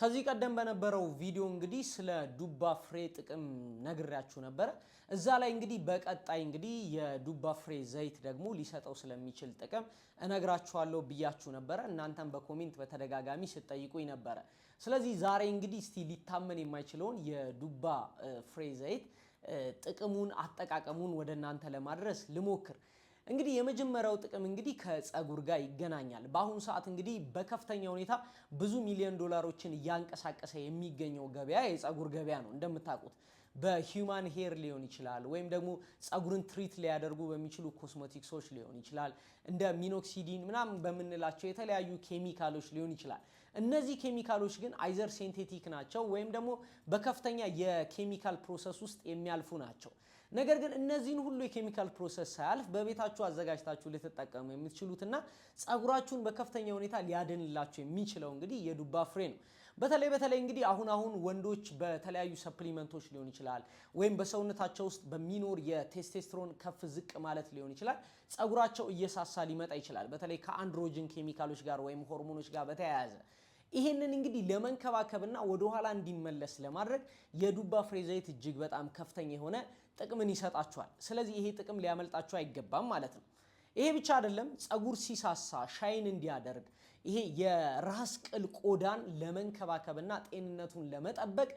ከዚህ ቀደም በነበረው ቪዲዮ እንግዲህ ስለ ዱባ ፍሬ ጥቅም ነግሬያችሁ ነበረ። እዛ ላይ እንግዲህ በቀጣይ እንግዲህ የዱባ ፍሬ ዘይት ደግሞ ሊሰጠው ስለሚችል ጥቅም እነግራችኋለሁ ብያችሁ ነበረ። እናንተም በኮሜንት በተደጋጋሚ ስትጠይቁኝ ነበረ። ስለዚህ ዛሬ እንግዲህ እስቲ ሊታመን የማይችለውን የዱባ ፍሬ ዘይት ጥቅሙን፣ አጠቃቀሙን ወደ እናንተ ለማድረስ ልሞክር። እንግዲህ የመጀመሪያው ጥቅም እንግዲህ ከፀጉር ጋር ይገናኛል። በአሁኑ ሰዓት እንግዲህ በከፍተኛ ሁኔታ ብዙ ሚሊዮን ዶላሮችን እያንቀሳቀሰ የሚገኘው ገበያ የፀጉር ገበያ ነው። እንደምታውቁት በሂውማን ሄር ሊሆን ይችላል፣ ወይም ደግሞ ፀጉርን ትሪት ሊያደርጉ በሚችሉ ኮስሞቲክሶች ሊሆን ይችላል፣ እንደ ሚኖክሲዲን ምናምን በምንላቸው የተለያዩ ኬሚካሎች ሊሆን ይችላል። እነዚህ ኬሚካሎች ግን አይዘር ሴንቴቲክ ናቸው፣ ወይም ደግሞ በከፍተኛ የኬሚካል ፕሮሰስ ውስጥ የሚያልፉ ናቸው። ነገር ግን እነዚህን ሁሉ የኬሚካል ፕሮሰስ ሳያልፍ በቤታችሁ አዘጋጅታችሁ ልትጠቀሙ የምትችሉትና ጸጉራችሁን በከፍተኛ ሁኔታ ሊያድንላችሁ የሚችለው እንግዲህ የዱባ ፍሬ ነው። በተለይ በተለይ እንግዲህ አሁን አሁን ወንዶች በተለያዩ ሰፕሊመንቶች ሊሆን ይችላል ወይም በሰውነታቸው ውስጥ በሚኖር የቴስቴስትሮን ከፍ ዝቅ ማለት ሊሆን ይችላል ጸጉራቸው እየሳሳ ሊመጣ ይችላል። በተለይ ከአንድሮጅን ኬሚካሎች ጋር ወይም ሆርሞኖች ጋር በተያያዘ ይሄንን እንግዲህ ለመንከባከብና ወደኋላ እንዲመለስ ለማድረግ የዱባ ፍሬ ዘይት እጅግ በጣም ከፍተኛ የሆነ ጥቅምን ይሰጣችኋል። ስለዚህ ይሄ ጥቅም ሊያመልጣችሁ አይገባም ማለት ነው። ይሄ ብቻ አይደለም። ፀጉር ሲሳሳ ሻይን እንዲያደርግ ይሄ የራስ ቅል ቆዳን ለመንከባከብና ጤንነቱን ለመጠበቅ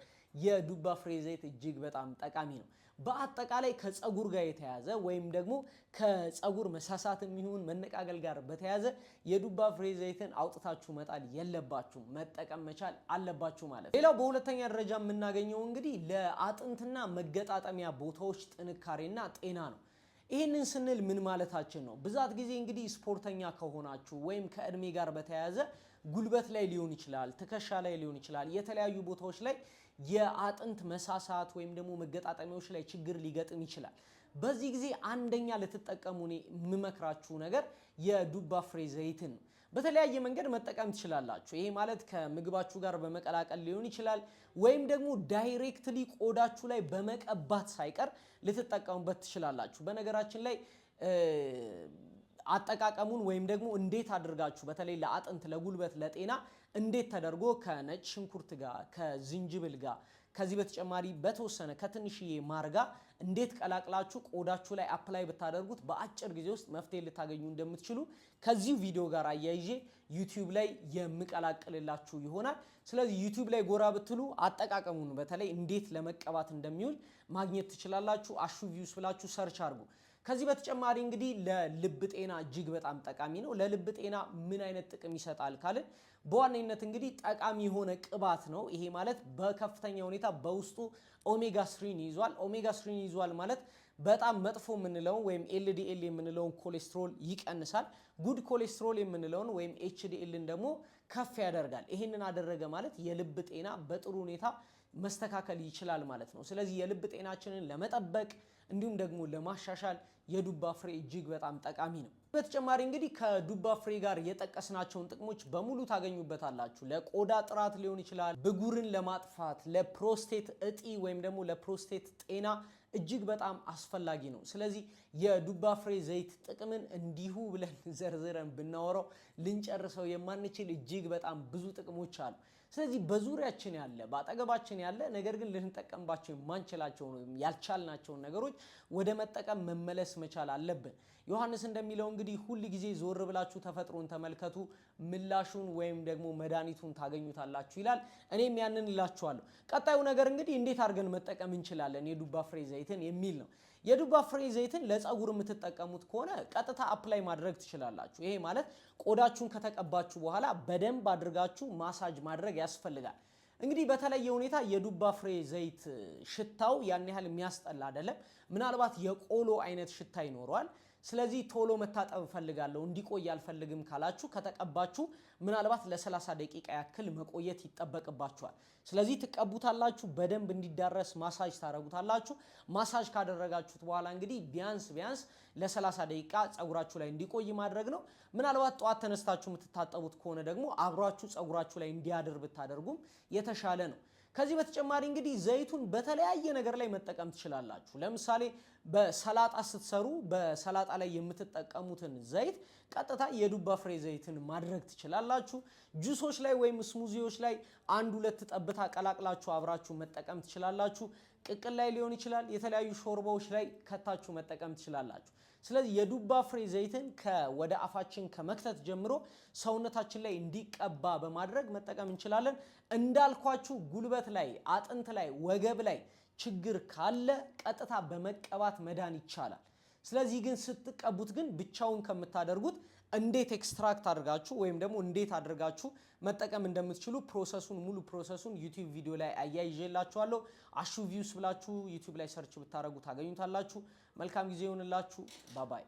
የዱባ ፍሬ ዘይት እጅግ በጣም ጠቃሚ ነው። በአጠቃላይ ከፀጉር ጋር የተያዘ ወይም ደግሞ ከፀጉር መሳሳት የሚሆን መነቃገል ጋር በተያዘ የዱባ ፍሬ ዘይትን አውጥታችሁ መጣል የለባችሁ፣ መጠቀም መቻል አለባችሁ ማለት ነው። ሌላው በሁለተኛ ደረጃ የምናገኘው እንግዲህ ለአጥንትና መገጣጠሚያ ቦታዎች ጥንካሬና ጤና ነው። ይህንን ስንል ምን ማለታችን ነው? ብዛት ጊዜ እንግዲህ ስፖርተኛ ከሆናችሁ ወይም ከእድሜ ጋር በተያያዘ ጉልበት ላይ ሊሆን ይችላል፣ ትከሻ ላይ ሊሆን ይችላል፣ የተለያዩ ቦታዎች ላይ የአጥንት መሳሳት ወይም ደግሞ መገጣጠሚያዎች ላይ ችግር ሊገጥም ይችላል። በዚህ ጊዜ አንደኛ ልትጠቀሙ እኔ የምመክራችሁ ነገር የዱባ ፍሬ ዘይትን ነው። በተለያየ መንገድ መጠቀም ትችላላችሁ። ይሄ ማለት ከምግባችሁ ጋር በመቀላቀል ሊሆን ይችላል፣ ወይም ደግሞ ዳይሬክትሊ ቆዳችሁ ላይ በመቀባት ሳይቀር ልትጠቀሙበት ትችላላችሁ። በነገራችን ላይ አጠቃቀሙን ወይም ደግሞ እንዴት አድርጋችሁ በተለይ ለአጥንት፣ ለጉልበት፣ ለጤና እንዴት ተደርጎ ከነጭ ሽንኩርት ጋር ከዝንጅብል ጋር ከዚህ በተጨማሪ በተወሰነ ከትንሽዬ ማርጋ እንዴት ቀላቅላችሁ ቆዳችሁ ላይ አፕላይ ብታደርጉት በአጭር ጊዜ ውስጥ መፍትሄ ልታገኙ እንደምትችሉ ከዚሁ ቪዲዮ ጋር አያይዤ ዩቲዩብ ላይ የምቀላቅልላችሁ ይሆናል። ስለዚህ ዩቲዩብ ላይ ጎራ ብትሉ አጠቃቀሙን በተለይ እንዴት ለመቀባት እንደሚውል ማግኘት ትችላላችሁ። አሹ ቪውስ ብላችሁ ሰርች አድርጉ። ከዚህ በተጨማሪ እንግዲህ ለልብ ጤና እጅግ በጣም ጠቃሚ ነው። ለልብ ጤና ምን አይነት ጥቅም ይሰጣል ካልን በዋነኝነት እንግዲህ ጠቃሚ የሆነ ቅባት ነው። ይሄ ማለት በከፍተኛ ሁኔታ በውስጡ ኦሜጋ ስሪን ይዟል። ኦሜጋ ስሪን ይዟል ማለት በጣም መጥፎ የምንለውን ወይም ኤልዲኤል የምንለውን ኮሌስትሮል ይቀንሳል። ጉድ ኮሌስትሮል የምንለውን ወይም ኤችዲኤልን ደግሞ ከፍ ያደርጋል። ይህንን አደረገ ማለት የልብ ጤና በጥሩ ሁኔታ መስተካከል ይችላል ማለት ነው። ስለዚህ የልብ ጤናችንን ለመጠበቅ እንዲሁም ደግሞ ለማሻሻል የዱባ ፍሬ እጅግ በጣም ጠቃሚ ነው። በተጨማሪ እንግዲህ ከዱባ ፍሬ ጋር የጠቀስናቸውን ጥቅሞች በሙሉ ታገኙበታላችሁ። ለቆዳ ጥራት ሊሆን ይችላል፣ ብጉርን ለማጥፋት፣ ለፕሮስቴት እጢ ወይም ደግሞ ለፕሮስቴት ጤና እጅግ በጣም አስፈላጊ ነው። ስለዚህ የዱባ ፍሬ ዘይት ጥቅምን እንዲሁ ብለን ዘርዝረን ብናወራው ልንጨርሰው የማንችል እጅግ በጣም ብዙ ጥቅሞች አሉ። ስለዚህ በዙሪያችን ያለ በአጠገባችን ያለ ነገር ግን ልንጠቀምባቸው የማንችላቸውን ወይም ያልቻልናቸውን ነገሮች ወደ መጠቀም መመለስ መቻል አለብን። ዮሐንስ እንደሚለው እንግዲህ ሁል ጊዜ ዞር ብላችሁ ተፈጥሮን ተመልከቱ፣ ምላሹን ወይም ደግሞ መድኃኒቱን ታገኙታላችሁ ይላል። እኔም ያንን እላችኋለሁ። ቀጣዩ ነገር እንግዲህ እንዴት አድርገን መጠቀም እንችላለን የዱባ ፍሬ ዘይትን የሚል ነው። የዱባ ፍሬ ዘይትን ለፀጉር የምትጠቀሙት ከሆነ ቀጥታ አፕላይ ማድረግ ትችላላችሁ። ይሄ ማለት ቆዳችሁን ከተቀባችሁ በኋላ በደንብ አድርጋችሁ ማሳጅ ማድረግ ያስፈልጋል። እንግዲህ በተለየ ሁኔታ የዱባ ፍሬ ዘይት ሽታው ያን ያህል የሚያስጠላ አይደለም። ምናልባት የቆሎ አይነት ሽታ ይኖረዋል። ስለዚህ ቶሎ መታጠብ እፈልጋለሁ እንዲቆይ አልፈልግም ካላችሁ ከተቀባችሁ ምናልባት ለ30 ደቂቃ ያክል መቆየት ይጠበቅባችኋል። ስለዚህ ትቀቡታላችሁ፣ በደንብ እንዲዳረስ ማሳጅ ታደረጉታላችሁ። ማሳጅ ካደረጋችሁት በኋላ እንግዲህ ቢያንስ ቢያንስ ለ30 ደቂቃ ጸጉራችሁ ላይ እንዲቆይ ማድረግ ነው። ምናልባት ጠዋት ተነስታችሁ የምትታጠቡት ከሆነ ደግሞ አብሯችሁ ጸጉራችሁ ላይ እንዲያድር ብታደርጉም የተሻለ ነው። ከዚህ በተጨማሪ እንግዲህ ዘይቱን በተለያየ ነገር ላይ መጠቀም ትችላላችሁ። ለምሳሌ በሰላጣ ስትሰሩ በሰላጣ ላይ የምትጠቀሙትን ዘይት ቀጥታ የዱባ ፍሬ ዘይትን ማድረግ ትችላላችሁ። ጁሶች ላይ ወይም ስሙዚዎች ላይ አንድ ሁለት ጠብታ ቀላቅላችሁ አብራችሁ መጠቀም ትችላላችሁ። ቅቅል ላይ ሊሆን ይችላል። የተለያዩ ሾርባዎች ላይ ከታችሁ መጠቀም ትችላላችሁ። ስለዚህ የዱባ ፍሬ ዘይትን ወደ አፋችን ከመክተት ጀምሮ ሰውነታችን ላይ እንዲቀባ በማድረግ መጠቀም እንችላለን። እንዳልኳችሁ ጉልበት ላይ፣ አጥንት ላይ፣ ወገብ ላይ ችግር ካለ ቀጥታ በመቀባት መዳን ይቻላል። ስለዚህ ግን ስትቀቡት ግን ብቻውን ከምታደርጉት እንዴት ኤክስትራክት አድርጋችሁ ወይም ደግሞ እንዴት አድርጋችሁ መጠቀም እንደምትችሉ ፕሮሰሱን ሙሉ ፕሮሰሱን ዩቲዩብ ቪዲዮ ላይ አያይዤላችኋለሁ። አሹ ቪውስ ብላችሁ ዩቲዩብ ላይ ሰርች ብታደረጉ ታገኙታላችሁ። መልካም ጊዜ ይሆንላችሁ። ባባይ